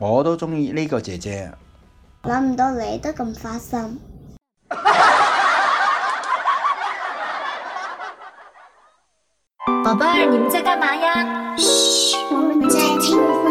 我都中意呢個姐姐，諗唔到你都咁花心。寶貝兒，你們在幹嘛呀？嘘，我們在聽。